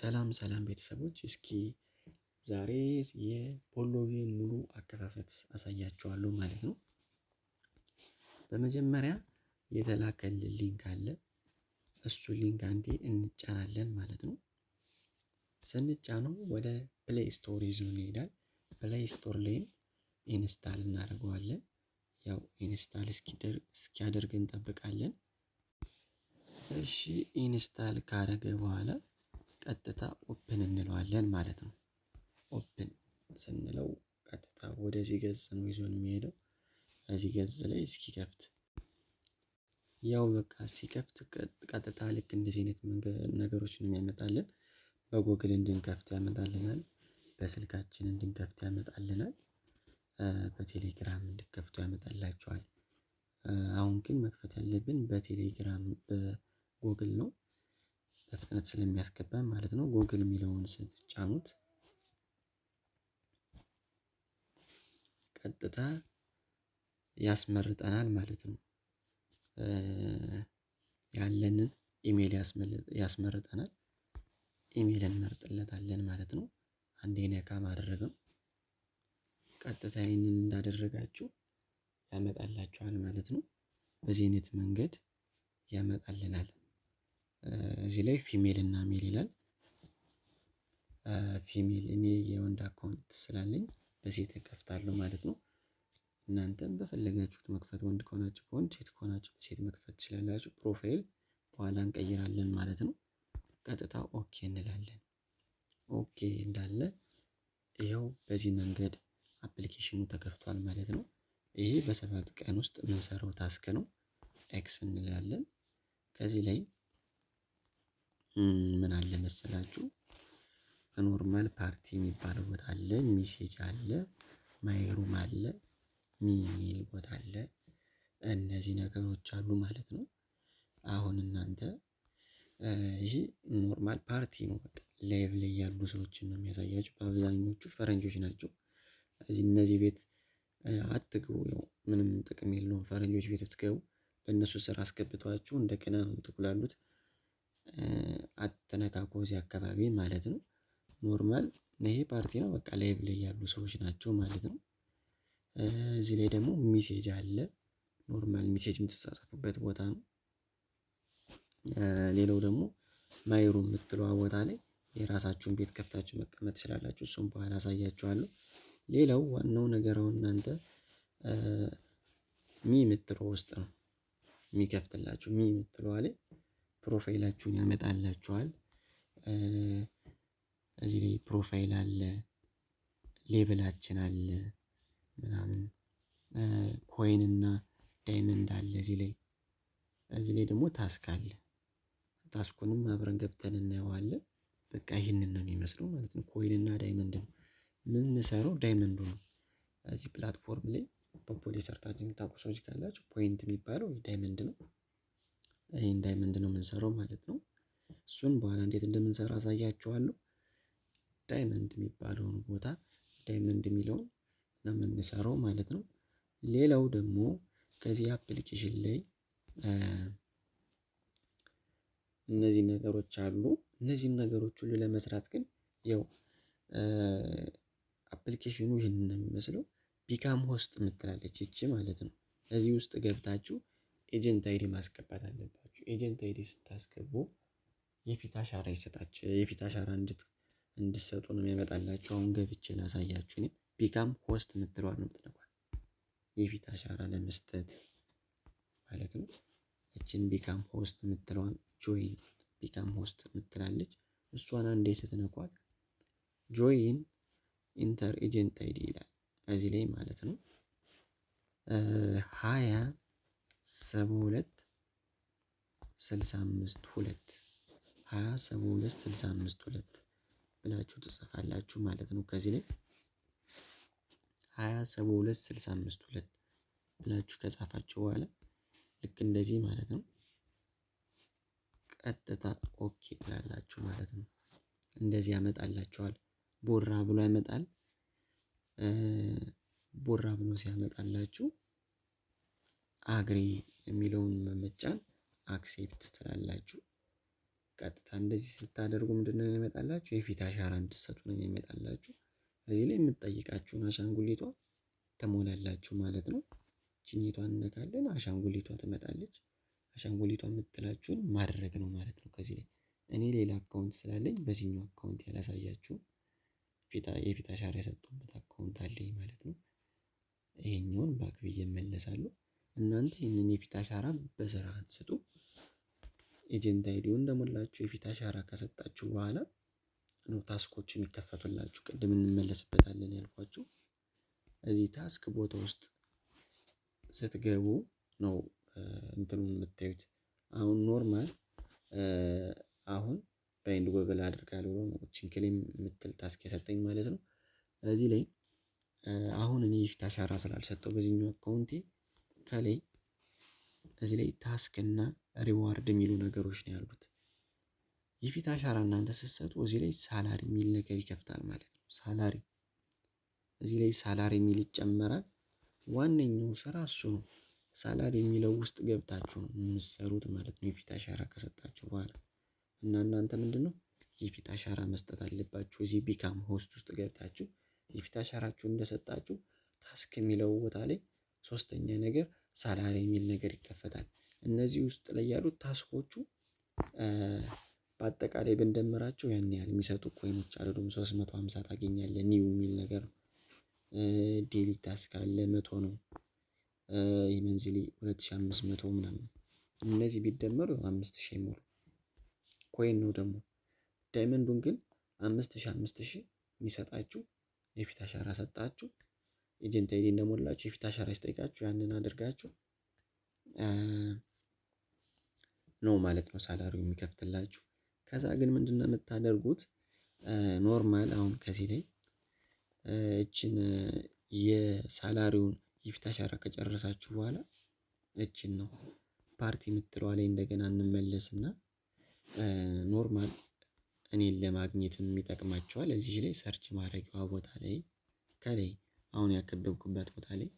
ሰላም ሰላም ቤተሰቦች እስኪ ዛሬ የቦሎዬን ሙሉ አከፋፈት አሳያችኋለሁ ማለት ነው። በመጀመሪያ የተላከልን ሊንክ አለ እሱ ሊንክ አንዴ እንጫናለን ማለት ነው። ስንጫነው ወደ ፕሌይ ስቶር ይዞ ይሄዳል። ፕሌይ ስቶር ላይም ኢንስታል እናደርገዋለን። ያው ኢንስታል እስኪያደርግ እንጠብቃለን። እሺ ኢንስታል ካደረገ በኋላ ቀጥታ ኦፕን እንለዋለን ማለት ነው። ኦፕን ስንለው ቀጥታ ወደዚህ ገጽ ነው ይዞን የሚሄደው። እዚህ ገጽ ላይ እስኪከፍት ያው በቃ ሲከፍት ቀጥታ ልክ እንደዚህ አይነት ነገሮችን የሚያመጣልን በጎግል እንድንከፍት ያመጣልናል። በስልካችን እንድንከፍት ያመጣልናል። በቴሌግራም እንድከፍቱ ያመጣላችኋል። አሁን ግን መክፈት ያለብን በቴሌግራም በጎግል ነው በፍጥነት ስለሚያስገባ ማለት ነው። ጎግል የሚለውን ስትጫኑት ቀጥታ ያስመርጠናል ማለት ነው። ያለንን ኢሜል ያስመርጠናል ኢሜል እንመርጥለታለን ማለት ነው። አንዴ ነካ ማድረግም ቀጥታ ይህንን እንዳደረጋችሁ ያመጣላችኋል ማለት ነው። በዚህ አይነት መንገድ ያመጣልናል እዚህ ላይ ፊሜል እና ሜል ይላል። ፊሜል እኔ የወንድ አካውንት ስላለኝ በሴት እከፍታለሁ ማለት ነው። እናንተም በፈለጋችሁት መክፈት ወንድ ከሆናችሁ በወንድ ሴት ከሆናችሁ በሴት መክፈት ትችላላችሁ። ፕሮፋይል በኋላ እንቀይራለን ማለት ነው። ቀጥታ ኦኬ እንላለን። ኦኬ እንዳለ ይኸው በዚህ መንገድ አፕሊኬሽኑ ተከፍቷል ማለት ነው። ይሄ በሰባት ቀን ውስጥ የምንሰራው ታስክ ነው። ኤክስ እንላለን ከዚህ ላይ ምን አለ መሰላችሁ ኖርማል ፓርቲ የሚባለው ቦታ አለ፣ ሚሴጅ አለ፣ ማይሩም አለ፣ ሚሚል ቦታ አለ። እነዚህ ነገሮች አሉ ማለት ነው። አሁን እናንተ ይህ ኖርማል ፓርቲ ነው። በቃ ላይቭ ላይ ያሉ ሰዎችን ነው የሚያሳያችሁ። በአብዛኞቹ ፈረንጆች ናቸው። እነዚህ ቤት አትግቡ፣ ምንም ጥቅም የለውም። ፈረንጆች ቤት ብትገቡ በእነሱ ስራ አስገብቷችሁ እንደገና ነው ትኩላሉት። አትነካኩ እዚህ አካባቢ ማለት ነው። ኖርማል ይሄ ፓርቲ ነው በቃ ላይቭ ላይ ያሉ ሰዎች ናቸው ማለት ነው። እዚህ ላይ ደግሞ ሚሴጅ አለ ኖርማል ሚሴጅ የምትጻጻፉበት ቦታ ነው። ሌላው ደግሞ ማይሩ የምትለዋ ቦታ ላይ የራሳችሁን ቤት ከፍታችሁ መቀመጥ ትችላላችሁ። እሱም በኋላ አሳያችኋለሁ። ሌላው ዋናው ነገር አሁን እናንተ ሚ የምትለው ውስጥ ነው የሚከፍትላችሁ ሚ የምትለዋ ላይ ፕሮፋይላችሁን ያመጣላችኋል። እዚህ ላይ ፕሮፋይል አለ፣ ሌብላችን አለ ምናምን ኮይን እና ዳይመንድ አለ እዚህ ላይ። እዚህ ላይ ደግሞ ታስክ አለ። ታስኩንም አብረን ገብተን እናየዋለን። በቃ ይህንን ነው የሚመስለው ማለት ነው። ኮይን እና ዳይመንድ ነው የምንሰራው፣ ዳይመንዱ ነው። እዚህ ፕላትፎርም ላይ በፖሊ ሰርታችሁ የምታውቁ ሰዎች ካላችሁ ፖይንት የሚባለው ዳይመንድ ነው። ይሄ ዳይመንድ ነው የምንሰራው ማለት ነው። እሱን በኋላ እንዴት እንደምንሰራ አሳያችኋለሁ። ዳይመንድ የሚባለውን ቦታ ዳይመንድ የሚለውን ነው የምንሰራው ማለት ነው። ሌላው ደግሞ ከዚህ አፕሊኬሽን ላይ እነዚህ ነገሮች አሉ። እነዚህን ነገሮች ሁሉ ለመስራት ግን ያው አፕሊኬሽኑ ይህንን ነው የሚመስለው። ቢካም ሆስት የምትላለች ይቺ ማለት ነው። እዚህ ውስጥ ገብታችሁ ኤጀንት አይዲ ማስገባት አለበት ኤጀንት አይዲ ስታስገቡ የፊት አሻራ ይሰጣቸው የፊት አሻራ እንድሰጡ ነው የሚያመጣላችሁ። አሁን ገብቼ ላሳያችሁ። እኔ ቢካም ሆስት የምትለዋል ነው የምትነኳት የፊት አሻራ ለመስጠት ማለት ነው። እችን ቢካም ሆስት የምትለዋን ጆይን ቢካም ሆስት የምትላለች እሷን አንዴ ስትነኳት ጆይን ኢንተር ኤጀንት አይዲ ይላል እዚህ ላይ ማለት ነው ሀያ ሰባ ሁለት ስልሳ አምስት ብላችሁ ትጽፋላችሁ ማለት ነው። ከዚህ ላይ ሃያ ሰባ ሁለት ስልሳ አምስት ሁለት ብላችሁ ከጻፋችሁ በኋላ ልክ እንደዚህ ማለት ነው ቀጥታ ኦኬ ብላላችሁ ማለት ነው። እንደዚህ ያመጣላችኋል። ቦራ ብሎ ያመጣል። ቦራ ብሎ ሲያመጣላችሁ አግሪ የሚለውን መመጫን አክሴፕት ትላላችሁ። ቀጥታ እንደዚህ ስታደርጉ ነው የሚመጣላችሁ? የፊት አሻራ እንድትሰጡ ነው የሚመጣላችሁ። እዚህ ላይ የምትጠይቃችሁን አሻንጉሊቷ ተሞላላችሁ ማለት ነው። ችኝቷ እንነካለን፣ አሻንጉሊቷ ትመጣለች። አሻንጉሊቷ የምትላችሁን ማድረግ ነው ማለት ነው። ከዚህ ላይ እኔ ሌላ አካውንት ስላለኝ በዚህኛው አካውንት ያላሳያችሁ የፊት አሻራ የሰጡበት አካውንት አለኝ ማለት ነው። ይሄኛውን ባክ እመለሳለሁ። እናንተ ይህንን የፊት አሻራ በስርዓት ስጡ። ኤጀንት አይዲውን እንደሞላችሁ የፊት አሻራ ከሰጣችሁ በኋላ ነው ታስኮች የሚከፈቱላችሁ። ቅድም እንመለስበታለን ያልኳችሁ እዚህ ታስክ ቦታ ውስጥ ስትገቡ ነው እንትኑን የምታዩት። አሁን ኖርማል አሁን በአይንድ ጎግል አድርጋለሁ ነው ቺንክሌም የምትል ታስክ የሰጠኝ ማለት ነው። እዚህ ላይ አሁን እኔ የፊት አሻራ ስላልሰጠው በዚህኛው አካውንቴ ከላይ እዚህ ላይ ታስክ እና ሪዋርድ የሚሉ ነገሮች ነው ያሉት። የፊት አሻራ እናንተ ስትሰጡ እዚህ ላይ ሳላሪ የሚል ነገር ይከፍታል ማለት ነው። ሳላሪ እዚህ ላይ ሳላሪ የሚል ይጨመራል። ዋነኛው ስራ እሱ ነው። ሳላሪ የሚለው ውስጥ ገብታችሁ ነው የምትሰሩት ማለት ነው። የፊት አሻራ ከሰጣችሁ በኋላ እና እናንተ ምንድነው የፊት አሻራ መስጠት አለባችሁ። እዚህ ቢካም ሆስት ውስጥ ገብታችሁ የፊት አሻራችሁን እንደሰጣችሁ ታስክ የሚለው ቦታ ላይ ሶስተኛ ነገር ሳላሪ የሚል ነገር ይከፈታል። እነዚህ ውስጥ ላይ ያሉት ታስኮቹ በአጠቃላይ ብንደምራቸው ያን ያህል የሚሰጡ ኮይኖች አይደሉም። ሶስት መቶ ሃምሳ ታገኛለህ ኒው የሚል ነገር ዴሊ ታስክ አለ መቶ ነው። ይሄ መንዝሊ ሁለት አምስት መቶ ምናምን እነዚህ ቢደመሩ አምስት ሺህ ኮይን ነው ደግሞ ዳይመንዱን ግን አምስት ሺህ አምስት የሚሰጣችሁ የፊት አሻራ ሰጣችሁ ኤጀንት አይዲ እንደሞላችሁ የፊት አሻራ ሲጠይቃችሁ ያንን አድርጋችሁ ነው ማለት ነው ሳላሪው የሚከፍትላችሁ። ከዛ ግን ምንድነው የምታደርጉት? ኖርማል አሁን ከዚህ ላይ እችን የሳላሪውን ይፍታ አሻራ ከጨረሳችሁ በኋላ እችን ነው ፓርቲ የምትለዋ ላይ እንደገና እንመለስና ኖርማል እኔን ለማግኘትም ይጠቅማቸዋል እዚህ ላይ ሰርች ማድረጊያዋ ቦታ ላይ ከላይ አሁን ያከበብኩባት ቦታ ላይ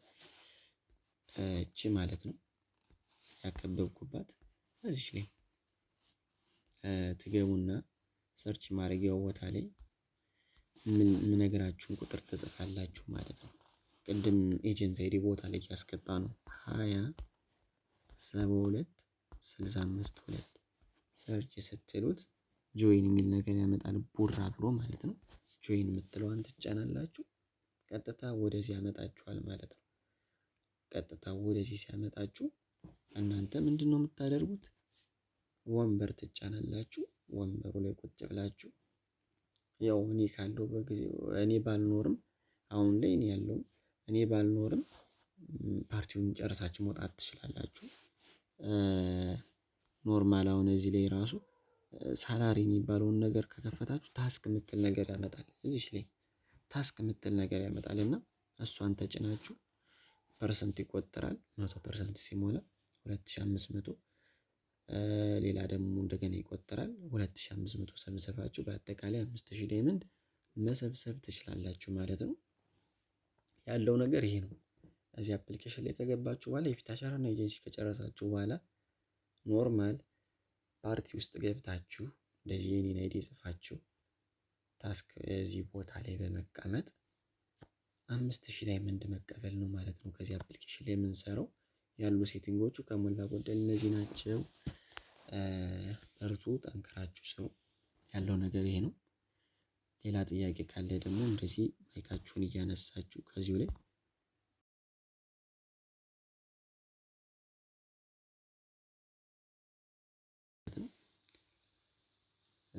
እቺ ማለት ነው ያከበብኩባት እዚች ላይ ትገቡና ሰርች ማድረጊያው ቦታ ላይ የምነግራችሁን ቁጥር ትጽፋላችሁ ማለት ነው። ቅድም ኤጀንት አይዲ ቦታ ላይ ያስገባ ነው ሀያ ሰባ ሁለት ስልሳ አምስት ሁለት ሰርች ስትሉት ጆይን የሚል ነገር ያመጣል ቡራ ብሎ ማለት ነው። ጆይን የምትለዋን ትጫናላችሁ። ቀጥታ ወደዚህ ያመጣችኋል ማለት ነው። ቀጥታ ወደዚህ ሲያመጣችሁ እናንተ ምንድን ነው የምታደርጉት? ወንበር ትጫናላችሁ ወንበሩ ላይ ቁጭ ብላችሁ ያው እኔ ካለው በጊዜው እኔ ባልኖርም አሁን ላይ እኔ ያለውም እኔ ባልኖርም ፓርቲውን ጨርሳችሁ መውጣት ትችላላችሁ። ኖርማል አሁን እዚህ ላይ ራሱ ሳላሪ የሚባለውን ነገር ከከፈታችሁ ታስክ የምትል ነገር ያመጣል እዚች ላይ ታስክ የምትል ነገር ያመጣል እና እሷን ተጭናችሁ ፐርሰንት ይቆጠራል መቶ ፐርሰንት ሲሞላ ሁለት ሌላ ደግሞ እንደገና ይቆጠራል 2500 ሺህ መቶ በአጠቃላይ አምስት ሺህ ዳይመንድ መሰብሰብ ትችላላችሁ ማለት ነው። ያለው ነገር ይሄ ነው። እዚህ አፕሊኬሽን ላይ ከገባችሁ በኋላ የፊት አሻራና ኤጀንሲ ከጨረሳችሁ በኋላ ኖርማል ፓርቲ ውስጥ ገብታችሁ እንደዚህ የኔን አይዲ ጽፋችሁ ታስክ እዚህ ቦታ ላይ በመቀመጥ አምስት ሺህ ምንድ መቀበል ነው ማለት ነው። ከዚህ አፕሊኬሽን ላይ የምንሰራው ያሉ ሴቲንጎቹ ከሞላ ጎደል እነዚህ ናቸው። በርቱ ጠንክራችሁ ስሩ ያለው ነገር ይሄ ነው። ሌላ ጥያቄ ካለ ደግሞ እንደዚህ ማይካችሁን እያነሳችሁ ከዚሁ ላይ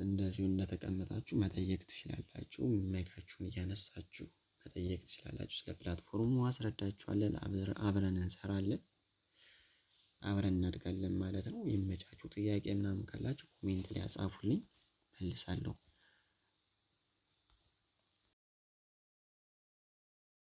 እንደዚሁ እንደተቀመጣችሁ መጠየቅ ትችላላችሁ። ማይካችሁን እያነሳችሁ መጠየቅ ትችላላችሁ። ስለ ፕላትፎርሙ አስረዳችኋለን። አብረን እንሰራለን። አብረን እናድጋለን ማለት ነው። ይመቻችሁ። ጥያቄ ምናምን ካላችሁ ኮሜንት ላይ አጻፉልኝ እመልሳለሁ